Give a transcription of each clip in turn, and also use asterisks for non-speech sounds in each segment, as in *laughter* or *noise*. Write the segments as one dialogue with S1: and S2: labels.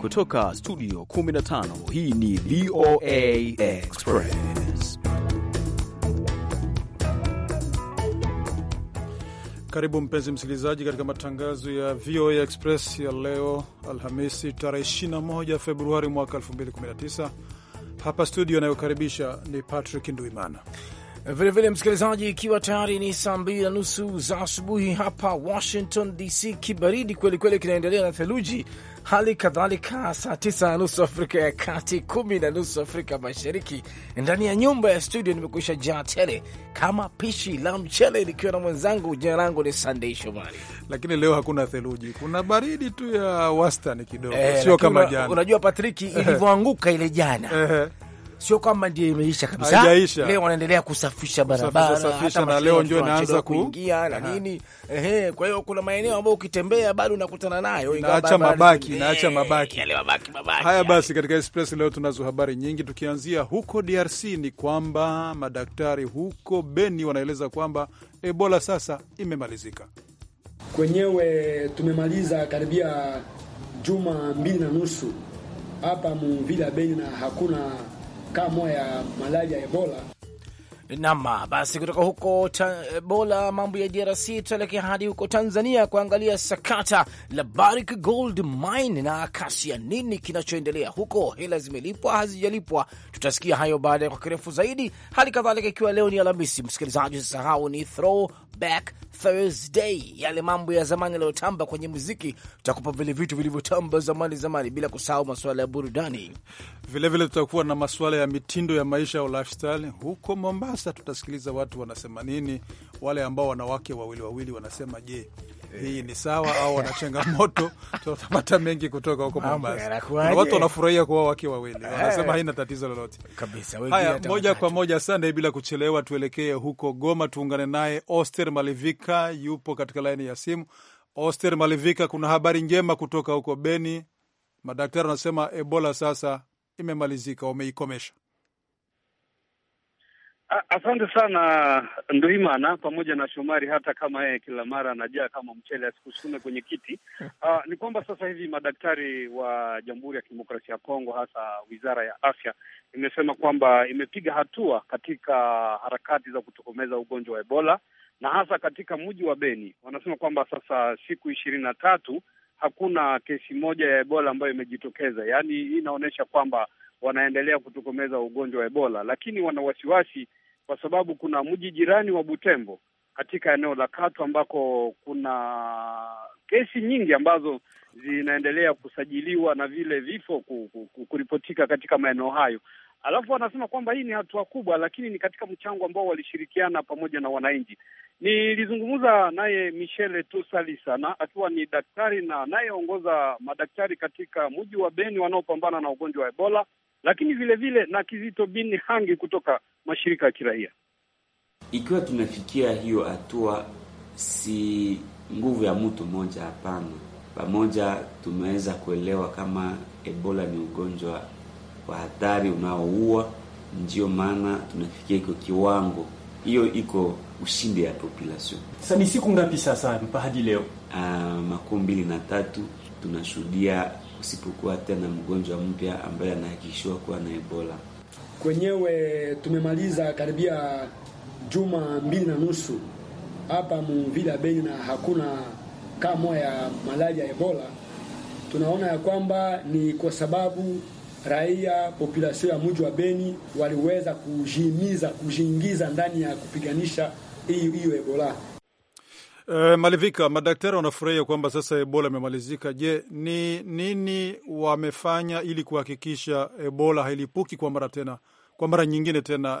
S1: Kutoka studio 15 hii ni VOA
S2: Express.
S3: Karibu mpenzi msikilizaji, katika matangazo ya VOA Express ya leo Alhamisi tarehe 21 Februari mwaka 2019.
S1: Hapa studio anayokaribisha ni Patrick Nduimana Vilevile msikilizaji, ikiwa tayari ni saa mbili na nusu za asubuhi hapa Washington DC, kibaridi kwelikweli kinaendelea na theluji, hali kadhalika saa tisa na nusu Afrika ya Kati, kumi na nusu Afrika Mashariki. Ndani ya nyumba ya studio nimekuisha jaa tele kama pishi la mchele, likiwa na mwenzangu, jina langu ni sandei Shomari. Lakini leo hakuna theluji, kuna baridi tu ya wastani kidogo, eh, sio kama jana. Unajua Patriki *laughs* ilivyoanguka ile jana sio kwamba ndio imeisha kabisa. Leo wanaendelea kusafisha barabara kusafisha, safisha, na leo ndio inaanza kuingia na nini. Ehe, kwa hiyo kuna maeneo ambayo ukitembea bado unakutana nayo, inaacha mabaki, inaacha mabaki
S3: yale mabaki mabaki. Haya basi, katika Express leo tunazo habari nyingi, tukianzia huko DRC ni kwamba madaktari huko Beni wanaeleza kwamba Ebola sasa imemalizika
S4: kwenyewe, tumemaliza karibia juma mbili na nusu hapa mu Beni na hakuna kama ya malaria Ebola.
S1: Nam basi kutoka huko Ebola, mambo ya DRC, tuelekea hadi huko Tanzania kuangalia sakata la Barrick Gold Mine na kasi ya nini kinachoendelea huko. Hela zimelipwa hazijalipwa, Tutasikia hayo baada ya kwa kirefu zaidi. Hali kadhalika, ikiwa leo ni Alhamisi, msikilizaji, usisahau ni Throwback Thursday, yale mambo ya zamani yaliyotamba kwenye muziki. Tutakupa vile vitu vilivyotamba zamani zamani, bila kusahau masuala ya burudani. Vilevile tutakuwa
S3: na masuala ya mitindo ya maisha au lifestyle. Huko Mombasa tutasikiliza watu wanasema nini, wale ambao wanawake wawili wawili wanasema je hii ni sawa au wana changamoto? *laughs* Tutapata mengi kutoka huko Mombasa. Watu wanafurahia kuwa wake wawili, eh. wanasema haina tatizo lolote kabisa. Haya, moja kwa moja Sunday, bila kuchelewa, tuelekee huko Goma, tuungane naye Oster Malivika, yupo katika laini ya simu. Oster Malivika, kuna habari njema kutoka huko Beni. Madaktari wanasema Ebola sasa imemalizika, wameikomesha.
S4: Asante sana Nduimana pamoja na Shomari, hata kama yeye kila mara anajaa kama mchele asikusume kwenye kiti. Uh, *laughs* ni kwamba sasa hivi madaktari wa Jamhuri ya Kidemokrasia ya Kongo, hasa wizara ya afya, imesema kwamba imepiga hatua katika harakati za kutokomeza ugonjwa wa Ebola na hasa katika mji wa Beni. Wanasema kwamba sasa siku ishirini na tatu hakuna kesi moja ya Ebola ambayo imejitokeza, yaani hii inaonyesha kwamba wanaendelea kutokomeza ugonjwa wa Ebola, lakini wana wasiwasi kwa sababu kuna mji jirani wa Butembo katika eneo la Katu ambako kuna kesi nyingi ambazo zinaendelea kusajiliwa na vile vifo kuripotika katika maeneo hayo. Alafu wanasema kwamba hii ni hatua kubwa, lakini ni katika mchango ambao walishirikiana pamoja na wananchi. Nilizungumza naye Michele na akiwa ni daktari na anayeongoza madaktari katika mji wa Beni wanaopambana na ugonjwa wa Ebola lakini vile vile na Kizito Bini Hangi kutoka mashirika ya kiraia. Ikiwa tunafikia
S5: hiyo hatua, si nguvu ya mtu mmoja, hapana. Pamoja tumeweza kuelewa kama Ebola ni ugonjwa wa hatari unaoua, ndio maana tunafikia iko kiwango hiyo, iko ushindi ya population. Sasa ni siku ngapi sasa mpaka hadi leo? Uh, makumi mbili na tatu tunashuhudia usipokuwa tena mgonjwa mpya ambaye anahakikishiwa kuwa na Ebola.
S4: Kwenyewe tumemaliza karibia juma mbili na nusu hapa mvila Beni, na hakuna kaa ya malaria ya Ebola. Tunaona ya kwamba ni kwa sababu raia populasion ya mji wa Beni waliweza kujimiza kujiingiza ndani ya kupiganisha hiyo hiyo Ebola.
S3: E, Malivika, madaktari wanafurahia kwamba sasa Ebola imemalizika. Je, ni nini wamefanya ili kuhakikisha Ebola hailipuki kwa mara tena kwa mara nyingine tena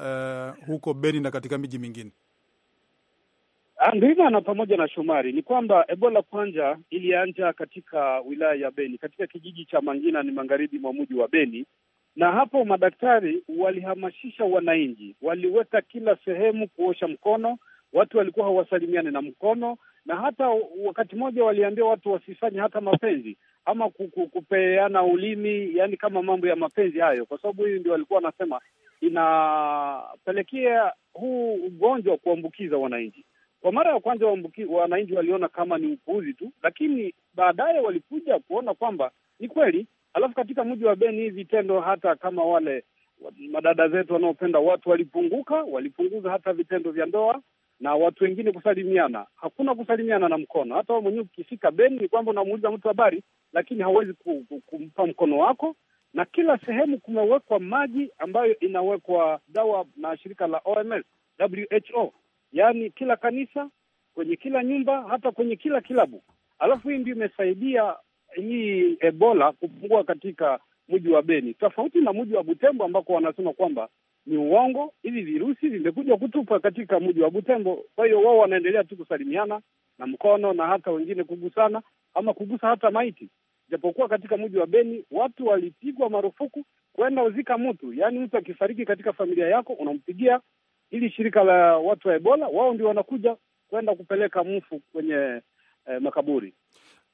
S3: e, huko Beni na katika miji mingine?
S4: Ah, Ndivyo na pamoja na Shomari, ni kwamba Ebola kwanza ilianja katika wilaya ya Beni, katika kijiji cha Mangina ni magharibi mwa mji wa Beni, na hapo madaktari walihamasisha wananchi, waliweka kila sehemu kuosha mkono watu walikuwa hawasalimiane na mkono, na hata wakati mmoja waliambia watu wasifanye hata mapenzi ama kupeana ulimi, yani kama mambo ya mapenzi hayo, kwa sababu hii ndio walikuwa wanasema inapelekea huu ugonjwa kuambukiza wananchi. Kwa mara ya kwanza wananchi waliona kama ni upuuzi tu, lakini baadaye walikuja kuona kwamba ni kweli. Alafu katika mji wa Beni hii vitendo, hata kama wale madada zetu wanaopenda watu walipunguka, walipunguza hata vitendo vya ndoa, na watu wengine kusalimiana. Hakuna kusalimiana na mkono. Hata wewe mwenyewe ukifika Beni ni kwamba unamuuliza mtu habari, lakini hauwezi kumpa mkono wako. Na kila sehemu kumewekwa maji ambayo inawekwa dawa na shirika la OMS, WHO, yaani kila kanisa, kwenye kila nyumba, hata kwenye kila kilabu. Alafu hii ndio imesaidia hii Ebola kupungua katika mji wa Beni, tofauti na mji wa Butembo ambako wanasema kwamba ni uongo. Hivi virusi vimekuja kutupa katika mji wa Butembo. Kwa hiyo wao wanaendelea tu kusalimiana na mkono na hata wengine kugusana ama kugusa hata maiti, japokuwa katika mji wa Beni watu walipigwa marufuku kwenda uzika mtu, yaani mtu akifariki katika familia yako unampigia ili shirika la watu wa Ebola, wao ndio wanakuja kwenda kupeleka mfu kwenye eh, makaburi.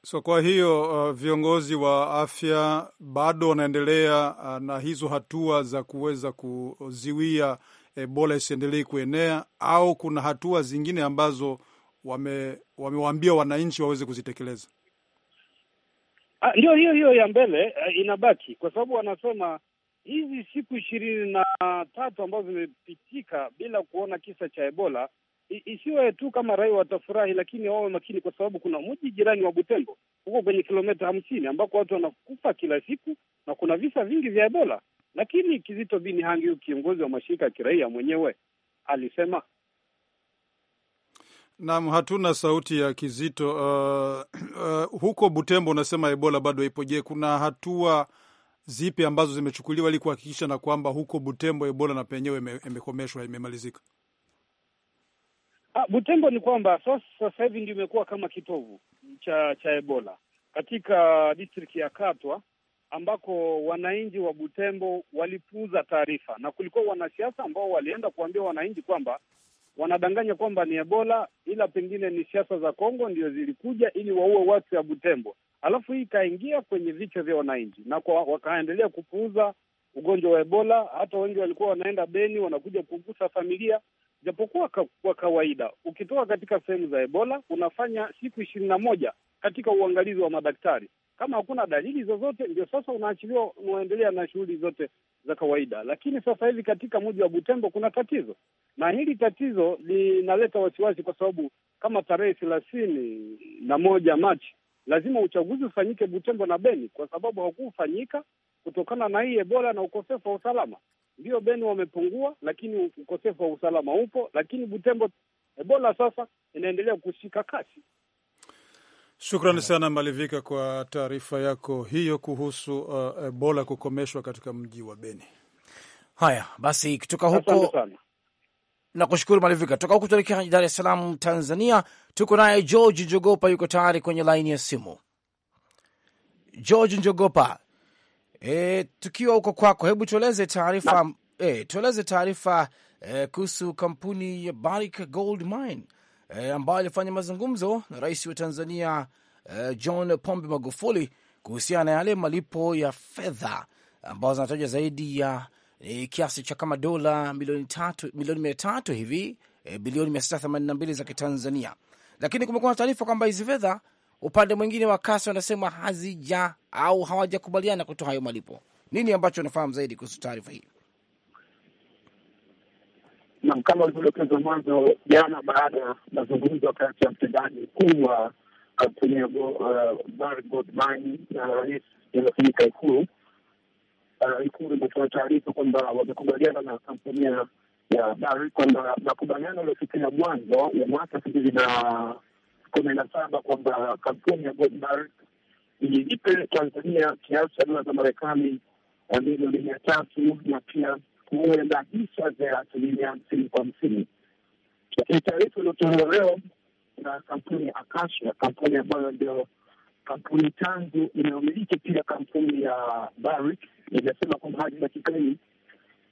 S3: So kwa hiyo uh, viongozi wa afya bado wanaendelea uh, na hizo hatua za kuweza kuziwia Ebola eh, isiendelei kuenea, au kuna hatua zingine ambazo wamewaambia wame wananchi waweze kuzitekeleza?
S4: Ah, ndio hiyo hiyo ya mbele eh, inabaki, kwa sababu wanasema hizi siku ishirini na tatu ambazo zimepitika bila kuona kisa cha Ebola isiwe tu kama raia watafurahi, lakini wawe makini, kwa sababu kuna mji jirani wa Butembo huko kwenye kilomita hamsini ambako watu wanakufa kila siku na kuna visa vingi vya Ebola. Lakini Kizito bini Hangi, kiongozi wa mashirika ya kiraia, mwenyewe alisema
S3: nam hatuna sauti ya Kizito. Uh, uh, huko Butembo unasema Ebola bado ipo. Je, kuna hatua zipi ambazo zimechukuliwa ili kuhakikisha na kwamba huko Butembo Ebola na penyewe imekomeshwa, imemalizika?
S4: Ah, Butembo ni kwamba sasa hivi ndio imekuwa kama kitovu cha cha Ebola katika district ya Katwa ambako wananchi wa Butembo walipuuza taarifa na kulikuwa wanasiasa ambao walienda kuambia wananchi kwamba wanadanganya kwamba ni Ebola, ila pengine ni siasa za Kongo ndio zilikuja ili waue watu ya Butembo, alafu hii ikaingia kwenye vichwa vya wananchi na kwa, wakaendelea kupuuza ugonjwa wa Ebola. Hata wengi walikuwa wanaenda Beni, wanakuja kugusa familia, japokuwa kwa kawaida ukitoka katika sehemu za Ebola unafanya siku ishirini na moja katika uangalizi wa madaktari. Kama hakuna dalili zozote, ndio sasa unaachiliwa, unaendelea na shughuli zote za kawaida. Lakini sasa hivi katika mji wa Butembo kuna tatizo, na hili tatizo linaleta wasiwasi, kwa sababu kama tarehe thelathini na moja Machi lazima uchaguzi ufanyike Butembo na Beni, kwa sababu haukufanyika kutokana na hii Ebola na ukosefu wa usalama. Ndio Beni wamepungua, lakini ukosefu wa usalama upo, lakini Butembo Ebola sasa inaendelea kushika kasi.
S3: Shukrani sana Malivika kwa taarifa yako hiyo kuhusu uh, Ebola kukomeshwa katika mji wa Beni.
S1: Haya basi, kutoka huko na kushukuru Malivika. Toka huko tuelekea Dar es Salaam, Tanzania, tuko naye George Njogopa, yuko tayari kwenye laini ya simu. George Njogopa, E, tukiwa huko kwako, hebu tueleze taarifa e, tueleze taarifa e, kuhusu kampuni ya Barrick Gold Mine e, ambayo alifanya mazungumzo na rais wa Tanzania e, John Pombe Magufuli kuhusiana na yale malipo ya fedha ambazo zinatajwa zaidi ya e, kiasi cha kama dola milioni tatu, milioni mia tatu hivi e, bilioni mia sita themanini na mbili za Kitanzania, lakini kumekuwa na taarifa kwamba hizi fedha upande mwingine wa kasi wanasema hazija au hawajakubaliana kutoa hayo malipo. Nini ambacho unafahamu zaidi kuhusu taarifa hii?
S6: Nam, kama ulivyodokeza mwanzo, jana baada ya mazungumzo kati ya mtendaji mkuu wa uh, kampuni uh, ya Godmani na rais Ikulu, uh, Ikulu imetoa taarifa kwamba wamekubaliana na kampuni ya Bari kwamba makubaliano yaliyofikia mwanzo ya mwaka elfu mbili na kumi na saba kwamba kampuni ya Goldmark ilipe Tanzania kiasi cha dola za Marekani eh, milioni mia tatu na pia kuwe na hisa za asilimia hamsini kwa hamsini. Lakini taarifa iliyotolewa leo na kampuni ya akasha kampuni ambayo ndio kampuni tanzu inayomiliki pia kampuni ya Barrick, imesema kwamba hadi dakika hii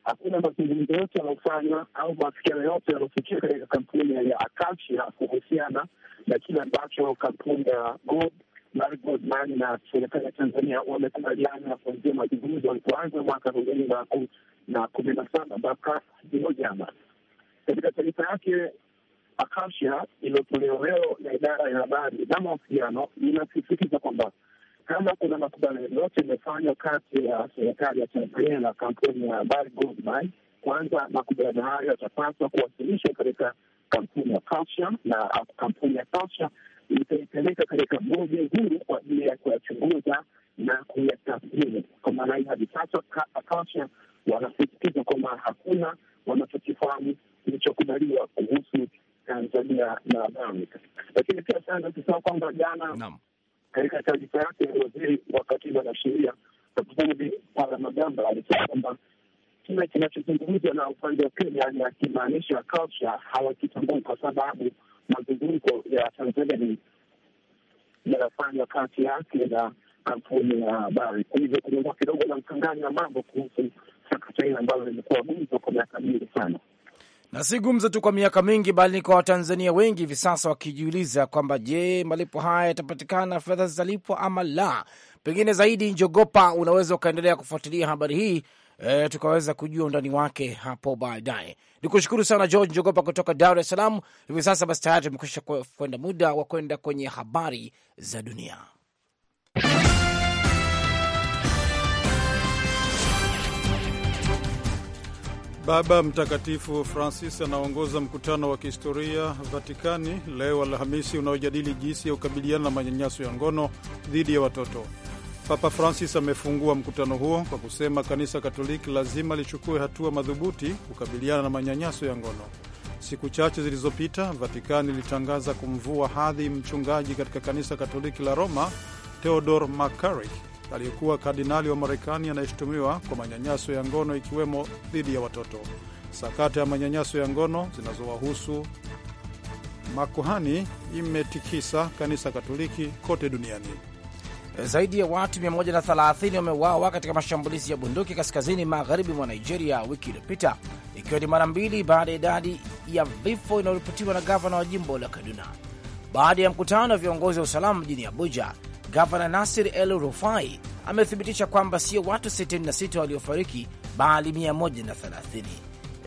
S6: hakuna mazungumzo yote yanayofanywa au mafikiano yote yanayofikia katika kampuni ya Akasia kuhusiana na kile ambacho kampuni ya Gold na serikali ya Tanzania wamekubaliana kuanzia mazungumzo walipoanza mwaka elfu mbili na kumi na kumi na saba mpaka hiyo jana. Katika taarifa yake Akasia iliyotolewa leo na idara ya habari na mawasiliano inasisitiza kwamba kama kuna makubaliano yote imefanywa kati ya serikali ya Tanzania na kampuni ya habari Goldmine, kwanza makubaliano hayo yatapaswa kuwasilishwa katika kampuni ya Culture na kampuni ya Culture itaipeleka katika bodi huru kwa ajili ya kuyachunguza na kuyatathmini. Kwa maana hiyo, hadi sasa Culture wanasisitiza kwamba hakuna wanachokifahamu kilichokubaliwa kuhusu Tanzania na Amerika. Lakini pia sana kusema kwamba jana katika taarifa yake, waziri wa katiba na sheria Abdulhamid Palamagamba alisema kwamba kile kinachozungumzwa na upande wa Kenya ni akimaanisha culture hawakitambui, kwa sababu mazungumzo ya Tanzania ni yanafanywa kati yake na kampuni ya habari. Kwa hivyo kumekuwa kidogo na mkanganyo wa mambo kuhusu sakata hili ambalo limekuwa gumzo kwa miaka mingi sana
S1: na si gumzo tu kwa miaka mingi, bali kwa Watanzania wengi hivi sasa wakijiuliza kwamba je, malipo haya yatapatikana, fedha zitalipwa ama la? Pengine zaidi, Njogopa, unaweza ukaendelea kufuatilia habari hii e, tukaweza kujua undani wake hapo baadaye. ni kushukuru sana George Njogopa kutoka Dar es Salaam. Hivi sasa basi tayari tumekwisha kwenda muda wa kwenda kwenye habari za dunia.
S3: Baba Mtakatifu Francis anaongoza mkutano wa kihistoria Vatikani leo Alhamisi unaojadili jinsi ya kukabiliana na manyanyaso ya ngono dhidi ya watoto. Papa Francis amefungua mkutano huo kwa kusema kanisa Katoliki lazima lichukue hatua madhubuti kukabiliana na manyanyaso ya ngono. Siku chache zilizopita, Vatikani ilitangaza kumvua hadhi mchungaji katika kanisa Katoliki la Roma, Theodor McCarrick aliyekuwa kardinali wa Marekani anayeshutumiwa kwa manyanyaso ya ngono ikiwemo dhidi ya watoto. Sakata ya manyanyaso ya ngono zinazowahusu
S1: makuhani imetikisa kanisa Katoliki kote duniani. Zaidi ya watu 130 wameuawa katika mashambulizi ya bunduki kaskazini magharibi mwa Nigeria wiki iliyopita, ikiwa ni mara mbili baada ya idadi ya vifo inayoripotiwa na gavana wa jimbo la Kaduna. Baada ya mkutano wa viongozi wa usalama mjini Abuja, Gavana Nasir El Rufai amethibitisha kwamba sio watu 66 waliofariki bali 130.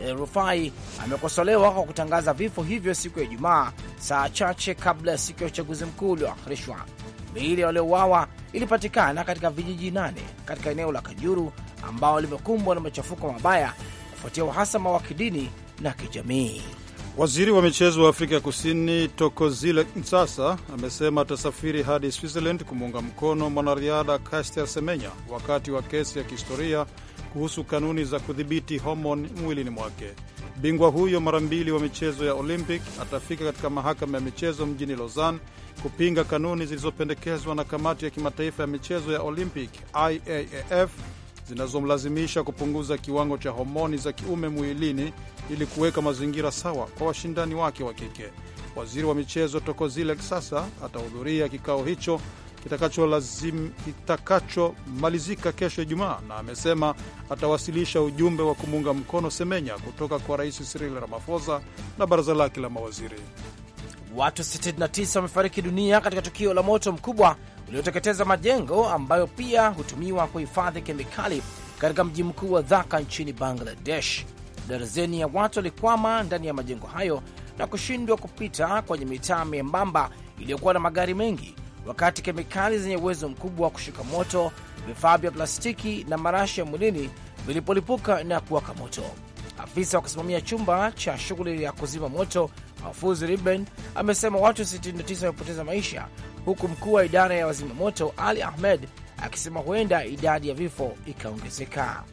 S1: El Rufai amekosolewa kwa kutangaza vifo hivyo siku ya Ijumaa, saa chache kabla ya siku ya uchaguzi mkuu ulioahirishwa. Miili waliouawa ilipatikana katika vijiji nane katika eneo la Kajuru ambao limekumbwa na machafuko mabaya kufuatia uhasama wa kidini na kijamii.
S3: Waziri wa michezo wa Afrika Kusini tokozile Nsasa amesema atasafiri hadi Switzerland kumuunga mkono mwanariadha Caster Semenya wakati wa kesi ya kihistoria kuhusu kanuni za kudhibiti homoni mwilini mwake. Bingwa huyo mara mbili wa michezo ya Olympic atafika katika mahakama ya michezo mjini Lausanne kupinga kanuni zilizopendekezwa na kamati ya kimataifa ya michezo ya Olympic IAAF zinazomlazimisha kupunguza kiwango cha homoni za kiume mwilini ili kuweka mazingira sawa kwa washindani wake wa kike. Waziri wa michezo tokozile sasa atahudhuria kikao hicho kitakachomalizika kitakacho kesho Ijumaa, na amesema atawasilisha ujumbe wa
S1: kumuunga mkono Semenya kutoka kwa Rais Cyril Ramaphosa na baraza lake la mawaziri. Watu 69 wamefariki dunia katika tukio la moto mkubwa ulioteketeza majengo ambayo pia hutumiwa kuhifadhi kemikali katika mji mkuu wa Dhaka nchini Bangladesh. Darzeni ya watu walikwama ndani ya majengo hayo na kushindwa kupita kwenye mitaa miembamba iliyokuwa na magari mengi, wakati kemikali zenye uwezo mkubwa wa kushika moto, vifaa vya plastiki na marashi ya mwilini vilipolipuka na kuwaka moto. Afisa wa kusimamia chumba cha shughuli ya kuzima moto Mahfuz riben amesema watu 69 wamepoteza maisha huku mkuu wa idara ya wazimamoto Ali Ahmed akisema huenda idadi ya vifo ikaongezeka.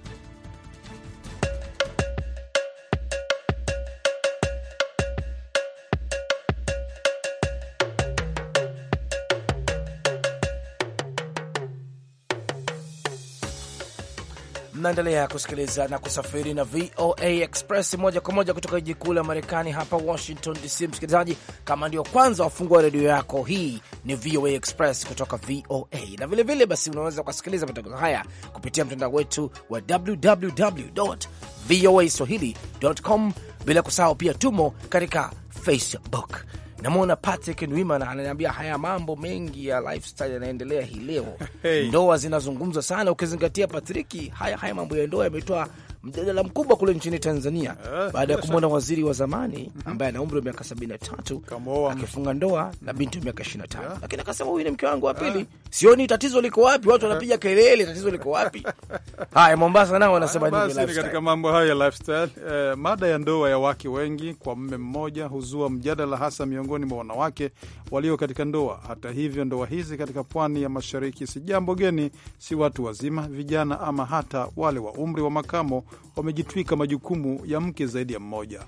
S1: mnaendelea kusikiliza na kusafiri na VOA Express moja kwa moja kutoka jiji kuu la Marekani hapa Washington DC. Msikilizaji, kama ndio kwanza wafungua redio yako, hii ni VOA Express kutoka VOA na vilevile vile, basi unaweza ukasikiliza matangazo haya kupitia mtandao wetu wa www voa swahili.com, bila kusahau pia tumo katika Facebook namwona Patrick Ndwimana ananiambia haya mambo mengi ya lifestyle yanaendelea hii leo hey. Ndoa zinazungumzwa sana ukizingatia patriki haya haya mambo ya ndoa yametoa mjadala mkubwa kule nchini Tanzania
S2: eh, baada ya kumwona
S1: waziri wa zamani mhm. ambaye ana umri wa miaka sabini na tatu akifunga ndoa na mhm. binti wa miaka na 25, lakini akasema huyu ni mke wangu wa eh. pili. Sioni tatizo liko wapi, watu wanapiga kelele, tatizo liko wapi? *laughs* Haya, Mombasa nao wanasema nini? Lifestyle katika
S3: mambo hayo ya lifestyle. Eh, mada ya ndoa ya wake wengi kwa mme mmoja huzua mjadala hasa miongoni mwa wanawake walio katika ndoa. Hata hivyo, ndoa hizi katika pwani ya mashariki si jambo geni, si watu wazima, vijana ama hata wale wa umri wa makamo wamejitwika majukumu ya mke zaidi ya mmoja.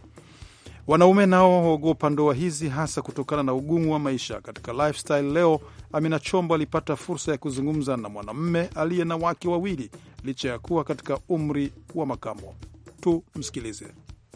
S3: Wanaume nao huogopa ndoa hizi, hasa kutokana na ugumu wa maisha. Katika Lifestyle leo, Amina Chombo alipata fursa ya kuzungumza na mwanamume aliye na wake wawili licha ya kuwa katika umri wa makamo. Tumsikilize.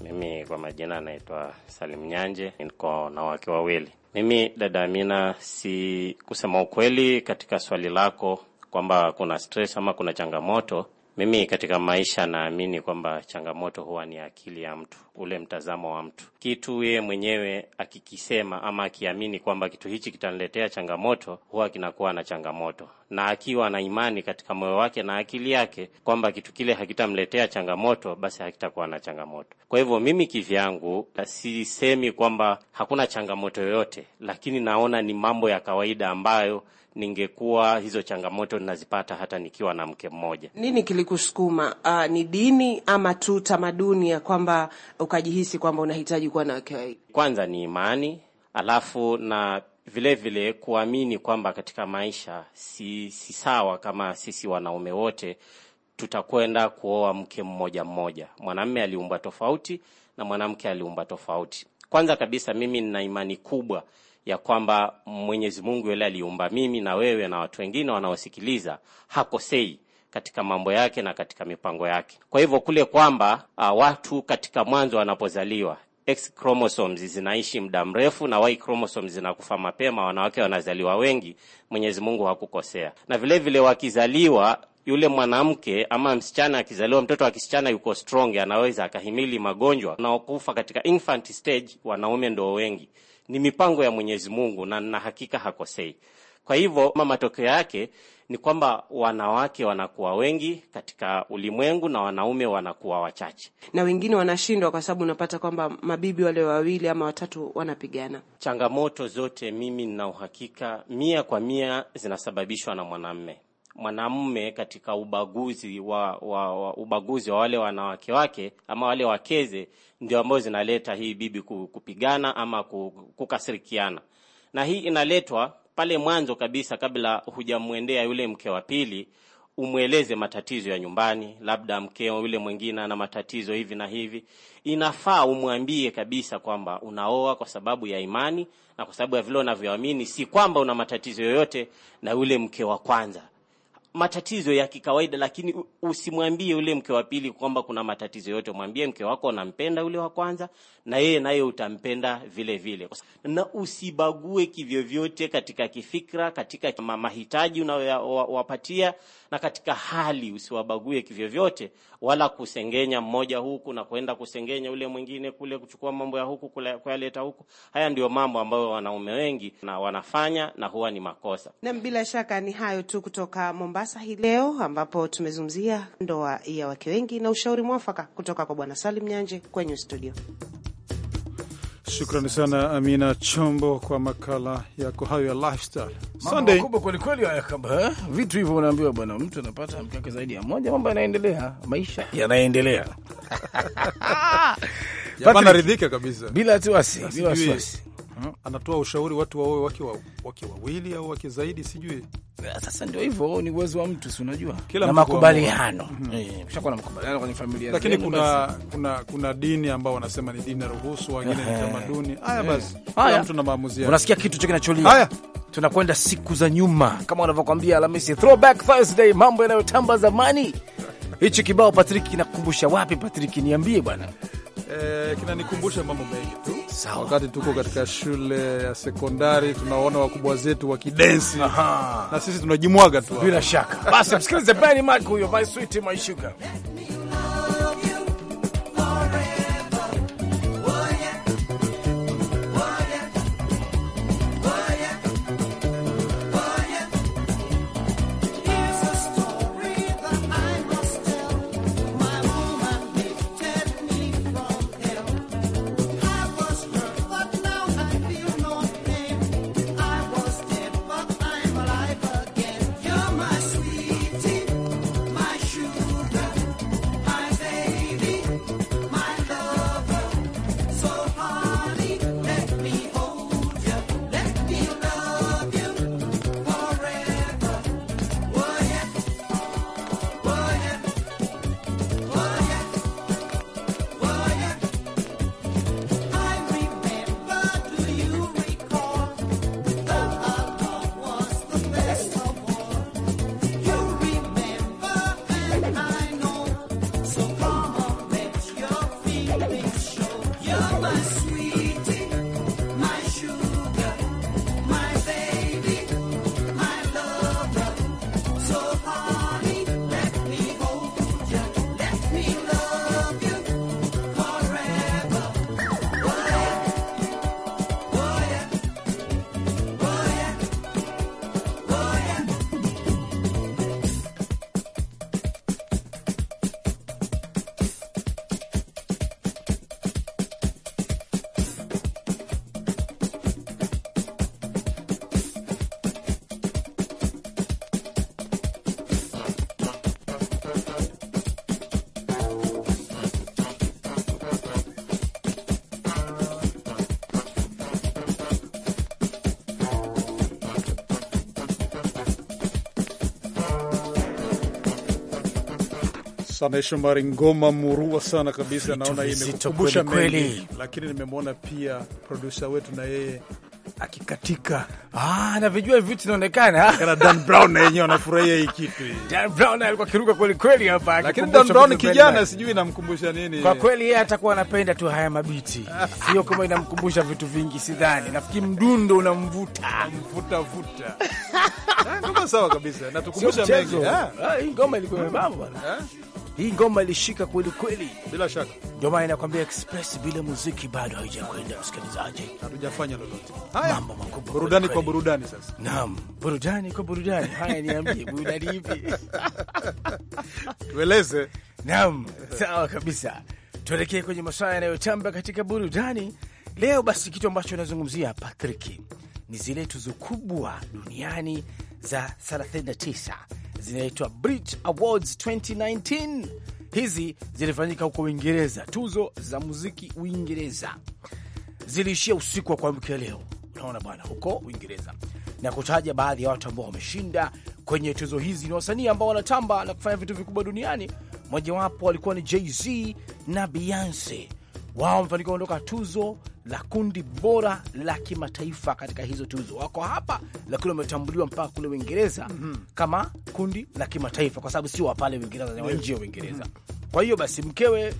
S5: Mimi kwa majina anaitwa Salim Nyanje, niko na wake wawili. Mimi dada Amina, si kusema ukweli katika swali lako kwamba kuna stress ama kuna changamoto mimi katika maisha naamini kwamba changamoto huwa ni akili ya mtu ule mtazamo wa mtu. Kitu yeye mwenyewe akikisema ama akiamini kwamba kitu hichi kitaniletea changamoto, huwa kinakuwa na changamoto, na akiwa na imani katika moyo wake na akili yake kwamba kitu kile hakitamletea changamoto, basi hakitakuwa na changamoto. Kwa hivyo mimi kivyangu sisemi kwamba hakuna changamoto yoyote, lakini naona ni mambo ya kawaida ambayo ningekuwa hizo changamoto ninazipata hata nikiwa na mke mmoja. Nini kilikusukuma? Uh, ni dini ama tu tamaduni ya kwamba ukajihisi kwamba unahitaji kuwa na wake wawili? Kwanza ni imani, alafu na vilevile vile kuamini kwamba katika maisha si, si sawa kama sisi wanaume wote tutakwenda kuoa mke mmoja mmoja. Mwanamme aliumbwa tofauti na mwanamke aliumbwa tofauti. Kwanza kabisa, mimi nina imani kubwa ya kwamba Mwenyezi Mungu yule aliumba mimi na wewe na watu wengine wanaosikiliza hakosei katika mambo yake na katika mipango yake. Kwa hivyo kule kwamba uh, watu katika mwanzo wanapozaliwa X chromosomes zinaishi muda mrefu na Y chromosomes zinakufa mapema, wanawake wanazaliwa wengi. Mwenyezi Mungu hakukosea. Na vile vile wakizaliwa yule mwanamke ama msichana akizaliwa, mtoto wa kisichana yuko strong, anaweza akahimili magonjwa. Wanaokufa katika infant stage wanaume ndio wengi. Ni mipango ya Mwenyezi Mungu na na hakika hakosei. Kwa hivyo matokeo yake ni kwamba wanawake wanakuwa wengi katika ulimwengu na wanaume wanakuwa wachache, na wengine wanashindwa kwa sababu unapata kwamba mabibi wale wawili ama watatu wanapigana. Changamoto zote, mimi nina uhakika mia kwa mia zinasababishwa na mwanamume mwanamume katika ubaguzi wa, wa, wa ubaguzi wa wale wanawake wake ama wale wakeze, ndio ambao zinaleta hii bibi kupigana ama kukasirikiana, na hii inaletwa pale mwanzo kabisa, kabla hujamwendea yule mke wa pili, umweleze matatizo ya nyumbani, labda mkeo yule mwingine ana matatizo hivi na hivi. Inafaa umwambie kabisa kwamba unaoa kwa sababu ya imani na kwa sababu ya vile unavyoamini, si kwamba una matatizo yoyote na yule mke wa kwanza matatizo ya kikawaida, lakini usimwambie ule mke wa pili kwamba kuna matatizo yote. Mwambie mke wako unampenda ule wa kwanza, na yeye naye utampenda vile vile, na usibague kivyovyote katika kifikra, katika mahitaji unayowapatia na katika hali, usiwabague kivyovyote, wala kusengenya mmoja huku na kwenda kusengenya ule mwingine kule, kuchukua mambo ya huku kuyaleta huku. Haya ndio mambo ambayo wanaume wengi na wanafanya na huwa ni makosa. Na bila shaka ni hayo tu kutoka Mombasa. Mombasa hii leo ambapo tumezungumzia ndoa ya wake wengi na ushauri mwafaka kutoka kwa Bwana Salim Nyanje kwenye studio.
S3: Shukrani sana Amina Chombo kwa makala yako hayo
S1: ya lifestyle. Sunday kubwa kweli kweli, haya kama eh? vitu hivyo unaambiwa bwana, mtu anapata mke wake zaidi ya moja, mambo yanaendelea, maisha yanaendelea,
S2: *laughs* ridhika kabisa, bila wasiwasi, bila wasiwasi
S1: hmm.
S3: Anatoa ushauri watu waoe wake wawili au wake zaidi, sijui. Sasa ndio hivyo, ni
S1: uwezo wa mtu, si unajua, na makubaliano eh, ushakuwa na makubaliano kwenye familia, lakini kuna,
S3: kuna, kuna dini ambao wanasema ni dini ruhusu wengine ni tamaduni. Haya eh. basi, kila mtu na
S1: maamuzi yake. Unasikia kitu cho kinacholia. Haya, tunakwenda siku za nyuma kama wanavyokwambia Alhamisi, throwback Thursday, mambo yanayotamba zamani. Hichi kibao Patrick kinakukumbusha wapi? Patrick, niambie bwana
S3: eh, kinanikumbusha mambo mengi tu. Sawa. Wakati tuko katika shule ya sekondari tunaona wakubwa zetu wa kidensi na sisi tunajimwaga tu. Bila
S1: shaka. Basi msikilize Benny Mac huyo by Sweet sugar.
S3: Sana Shomari, ngoma murua sana kabisa. Naona hii imekukumbusha mengi, lakini nimemwona pia produsa wetu na yeye
S1: akikatika ah, na vijua vitu inaonekana kana Dan Brown na yenyewe anafurahia hii kitu Dan Brown alikuwa kiruka kweli kweli hapa, lakini Dan Brown kijana,
S3: sijui inamkumbusha nini. Kwa kweli
S1: yeye atakuwa anapenda tu haya mabiti, sio kama inamkumbusha vitu vingi, sidhani. Nafikiri mdundo unamvuta mvuta vuta *laughs*
S3: ah, ngoma. Sawa kabisa, natukumbusha
S1: mengi. Ah, hii ngoma ilikuwa mbamba bwana hii ngoma ilishika kweli kweli, bila shaka. Ndio maana inakwambia express bila muziki bado haijakwenda, msikilizaji, hatujafanya lolote.
S2: Haya, mambo
S6: makubwa, burudani kwa burudani.
S1: Sasa naam, burudani kwa burudani. Haya, niambie burudani ipi? *laughs* Tueleze. Naam, sawa kabisa, tuelekee kwenye masuala yanayotamba katika burudani leo. Basi kitu ambacho nazungumzia Patrick ni zile tuzo kubwa duniani za 39 zinaitwa Brit Awards 2019. Hizi zilifanyika huko Uingereza, tuzo za muziki Uingereza ziliishia usiku wa kuamkia leo, unaona bwana, huko Uingereza, na kutaja baadhi ya watu ambao wameshinda kwenye tuzo hizi. Ni wasanii ambao wanatamba na kufanya vitu vikubwa duniani. Mojawapo walikuwa ni Jay-Z na Beyonce, wao wamefanikiwa kuondoka tuzo la kundi bora la kimataifa katika hizo tuzo. Wako hapa lakini wametambuliwa mpaka kule Uingereza mm -hmm. kama kundi la kimataifa, kwa sababu sio wa pale Uingereza, ni wa nje ya Uingereza. Mhm. Kwa hiyo basi mkewe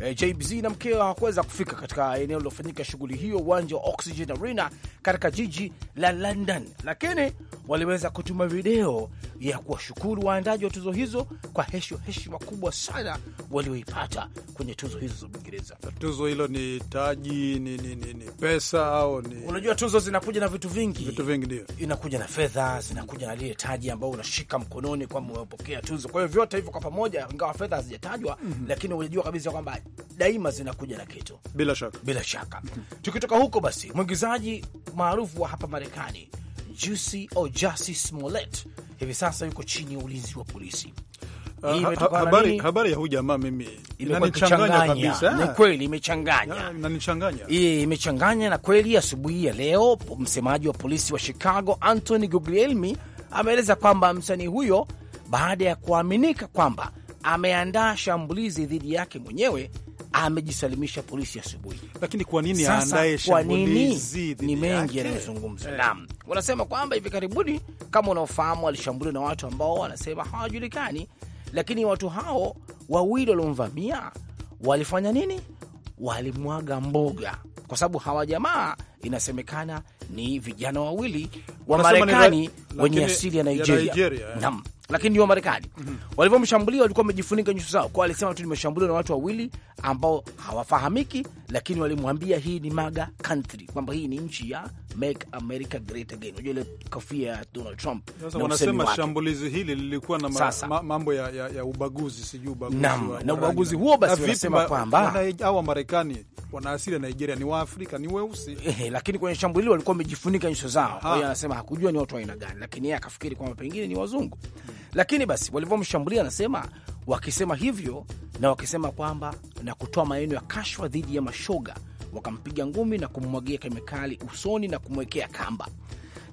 S1: Eh, JBZ na mkeo hawakuweza kufika katika eneo lilofanyika shughuli hiyo, uwanja wa Oxygen Arena katika jiji la London, lakini waliweza kutuma video ya kuwashukuru waandaji wa tuzo hizo kwa heshima kubwa sana walioipata kwenye tuzo hizo za Uingereza.
S3: Tuzo hilo ni taji, ni, ni, ni, ni pesa au ni... Unajua,
S1: tuzo zinakuja na vitu vingi, vitu vingi ndio inakuja na fedha, zinakuja na lile taji ambao unashika mkononi kwamba umepokea tuzo. Kwa hiyo vyote hivyo kwa pamoja, ingawa fedha hazijatajwa, mm -hmm. lakini unajua kabisa kwamba daima zinakuja na kitu, bila shaka, bila shaka. Tukitoka huko basi, mwigizaji maarufu wa hapa Marekani Juicy au Smollett hivi sasa yuko chini ya ulinzi wa polisi. Ah, ha habari,
S3: habari ya huyu jamaa mimi inanichanganya kabisa.
S1: Ni kweli imechanganya, inanichanganya imechanganya na kweli. Asubuhi ya leo msemaji wa polisi wa Chicago Anthony Guglielmi ameeleza kwamba msanii huyo baada ya kuaminika kwamba ameandaa shambulizi dhidi yake mwenyewe, amejisalimisha polisi asubuhi. Lakini kwa nini aandae shambulizi? Ni mengi yanayozungumzwa. Naam, wanasema kwamba hivi karibuni, kama unaofahamu, alishambuliwa na watu ambao wanasema hawajulikani, lakini watu hao wawili waliomvamia walifanya nini? Walimwaga mboga kwa sababu hawa jamaa inasemekana ni vijana wawili wa Marekani wenye asili ya Nigeria. Eh. Naam, lakini ni Wamarekani mm -hmm. Walivyomshambulia walikuwa wamejifunika nyuso zao, kwa alisema tu nimeshambuliwa na watu wawili ambao hawafahamiki, lakini walimwambia hii ni MAGA country, kwamba hii ni nchi ya Make America Great Again. Unajua ile kofia ya Donald Trump. Sasa wanasema
S3: shambulizi hili lilikuwa na ma, ma, mambo ya, ya, ya ubaguzi, sijui ubaguzi na, na ubaguzi huo, basi wanasema kwamba hao Wamarekani wana asili ya Nigeria, ni Waafrika, ni weusi eh, eh, lakini kwenye shambulio walikuwa
S1: wamejifunika nyuso zao. Kwa hiyo anasema hakujua ni watu wa aina gani, lakini yeye akafikiri kwamba pengine ni wazungu hmm. Lakini basi walivyomshambulia, anasema wakisema hivyo na wakisema kwamba na kutoa maneno ya kashfa dhidi ya mashoga, wakampiga ngumi na kummwagia kemikali usoni na kumwekea kamba.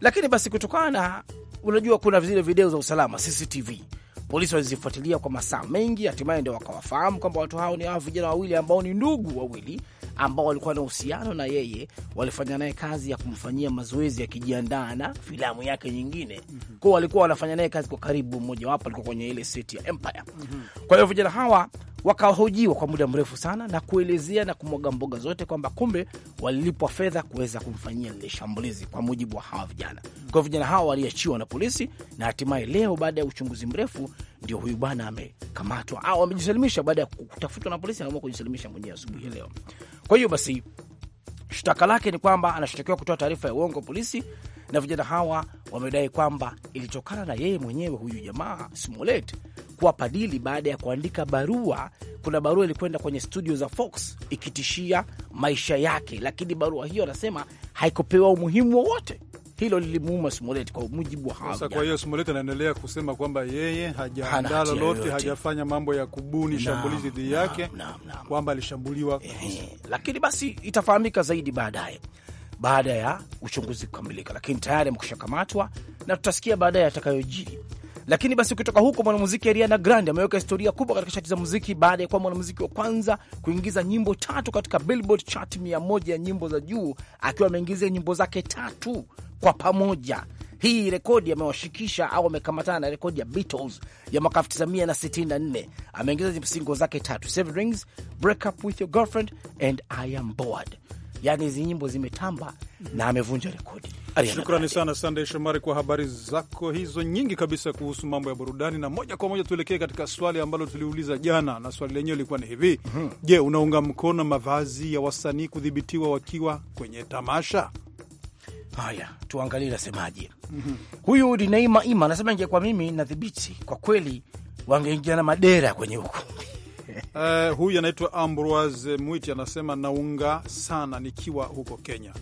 S1: Lakini basi kutokana na unajua, kuna zile video za usalama CCTV, polisi walizifuatilia kwa masaa mengi, hatimaye ndio wakawafahamu kwamba watu hao ni hawa vijana wawili ambao ni ndugu wawili ambao walikuwa na uhusiano na yeye, walifanya naye kazi ya kumfanyia mazoezi yakijiandaa na filamu yake nyingine. mm -hmm. Kwao walikuwa wanafanya naye kazi kwa karibu, mmojawapo alikuwa kwenye ile seti ya Empire. mm -hmm. Kwa hiyo vijana hawa wakahojiwa kwa muda mrefu sana na kuelezea na kumwaga mboga zote kwamba kumbe walilipwa fedha kuweza kumfanyia lile shambulizi, kwa mujibu wa hawa vijana. Kwa hiyo vijana hawa waliachiwa na polisi, na hatimaye leo baada ya uchunguzi mrefu ndio huyu bwana amekamatwa au amejisalimisha. Baada ya kutafutwa na polisi, anaamua kujisalimisha mwenyewe asubuhi ya leo. Kwa hiyo basi shtaka lake ni kwamba anashtakiwa kutoa taarifa ya uongo polisi, na vijana hawa wamedai kwamba ilitokana na yeye mwenyewe huyu jamaa Smollett kuwa padili baada ya kuandika barua. Kuna barua ilikwenda kwenye studio za Fox ikitishia maisha yake, lakini barua hiyo anasema haikupewa umuhimu wowote. Hilo lilimuuma Smolet kwa mujibu wa hawa. Kwa hiyo
S3: Smolet anaendelea kusema kwamba yeye hajaandaa lolote, hajafanya mambo ya kubuni shambulizi dhidi yake, kwamba
S1: alishambuliwa e, lakini basi itafahamika zaidi baadaye baada ya uchunguzi kukamilika, lakini tayari amekusha kamatwa na tutasikia baadaye atakayojiri. Lakini basi ukitoka huko, mwanamuziki Ariana Grande ameweka historia kubwa katika chati za muziki baada ya kuwa mwanamuziki wa kwanza kuingiza nyimbo tatu katika Billboard chart mia moja ya nyimbo za juu, akiwa ameingiza nyimbo zake tatu kwa pamoja. Hii rekodi amewashikisha au amekamatana na rekodi ya Beatles ya mwaka 1964. Ameingiza singo zake tatu, Seven Rings, Break Up With Your Girlfriend and I Am Bored yani hizi nyimbo zimetamba na amevunja rekodi.
S3: Shukrani sana Sandey Shomari kwa habari zako hizo nyingi kabisa kuhusu mambo ya burudani, na moja kwa moja tuelekee katika swali ambalo tuliuliza jana, na swali lenyewe lilikuwa ni hivi. Mm -hmm. Je, unaunga mkono mavazi ya wasanii kudhibitiwa wakiwa kwenye tamasha?
S1: Haya, tuangalie nasemaje. Mm -hmm. Huyu Dinaima Ima anasema, ingekuwa mimi nadhibiti, kwa kweli wangeingia na madera kwenye huku Uh, *laughs* huyu anaitwa Ambroise Mwiti anasema naunga sana nikiwa huko Kenya.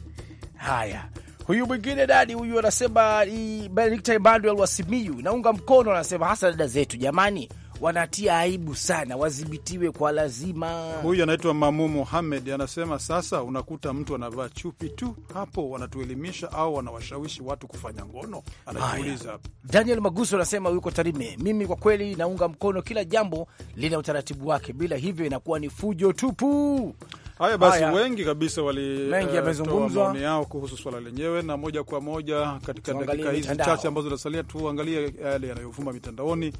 S1: Haya, huyu mwingine dadi huyu anasema Benedict Emmanuel wa Simiyu, naunga mkono, anasema hasa dada zetu jamani wanatia aibu sana, wadhibitiwe kwa lazima. Huyu anaitwa
S3: Mamu Muhamed, anasema sasa unakuta mtu anavaa chupi tu, hapo wanatuelimisha
S1: au wanawashawishi watu kufanya ngono?
S3: Anajiuliza
S6: hapa.
S1: Daniel Maguso anasema yuko Tarime, mimi kwa kweli naunga mkono, kila jambo lina utaratibu wake, bila hivyo inakuwa ni fujo tupu.
S3: Haya basi, wengi kabisa walitoa eh, maoni yao kuhusu swala lenyewe, na moja kwa moja katika dakika hizi chache ambazo zinasalia, tuangalie yale yanayovuma mitandaoni.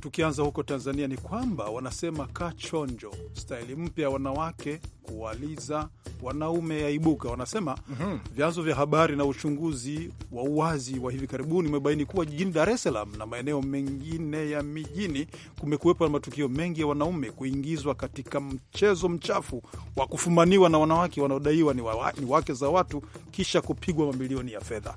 S3: Tukianza huko Tanzania, ni kwamba wanasema kachonjo, staili mpya ya wanawake kuwaliza wanaume yaibuka. Wanasema mm -hmm. Vyanzo vya habari na uchunguzi wa uwazi wa hivi karibuni umebaini kuwa jijini Dar es Salaam na maeneo mengine ya mijini kumekuwepo na matukio mengi ya wanaume kuingizwa katika mchezo mchafu wa kufumaniwa na wanawake wanaodaiwa ni, wa, ni wake za watu kisha kupigwa mamilioni ya fedha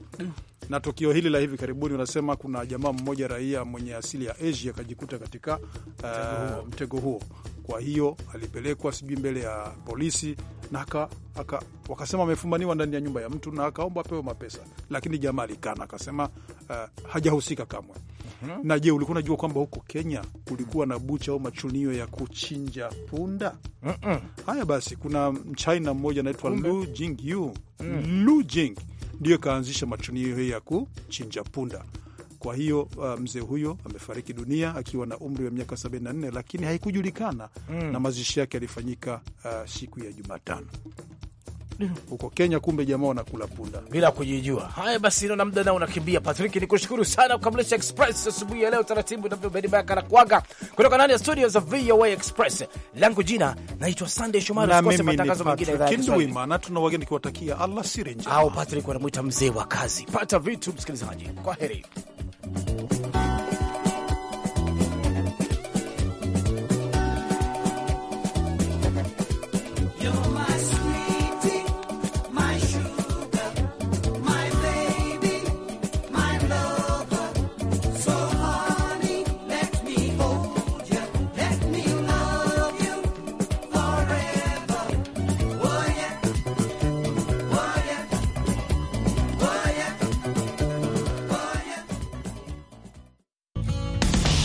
S3: na tukio hili la hivi karibuni, unasema kuna jamaa mmoja raia mwenye asili ya Asia akajikuta katika uh, mtego huo. Kwa hiyo alipelekwa sijui mbele ya polisi na haka, haka, wakasema amefumaniwa ndani ya nyumba ya mtu na akaomba apewe mapesa, lakini jamaa alikana, akasema uh, hajahusika kamwe. mm -hmm. Na je, ulikuwa unajua kwamba huko Kenya kulikuwa na bucha au machunio ya kuchinja punda? mm -mm. Haya basi, kuna mchina mmoja anaitwa Lu Jingyu, mm. Lu Jing ndio ikaanzisha matunio hiyo ya kuchinja punda. Kwa hiyo uh, mzee huyo amefariki dunia akiwa na umri wa miaka 74, lakini haikujulikana mm. na mazishi yake yalifanyika
S1: uh, siku ya Jumatano.
S3: *coughs* huko Kenya, kumbe jamaa wanakula punda
S1: bila kujijua. Haya basi, naona muda nao unakimbia. Patrick, ni kushukuru sana kukamilisha Express asubuhi ya leo taratibu na kuaga kutoka ndani ya studio za VOA Express. Langu jina naitwa Sunday Shomari, usikose matangazo mengine ya Tuna wageni kiwatakia Allah njema, au Patrick wanamwita mzee wa kazi. Pata vitu, msikilizaji,
S2: kwa heri.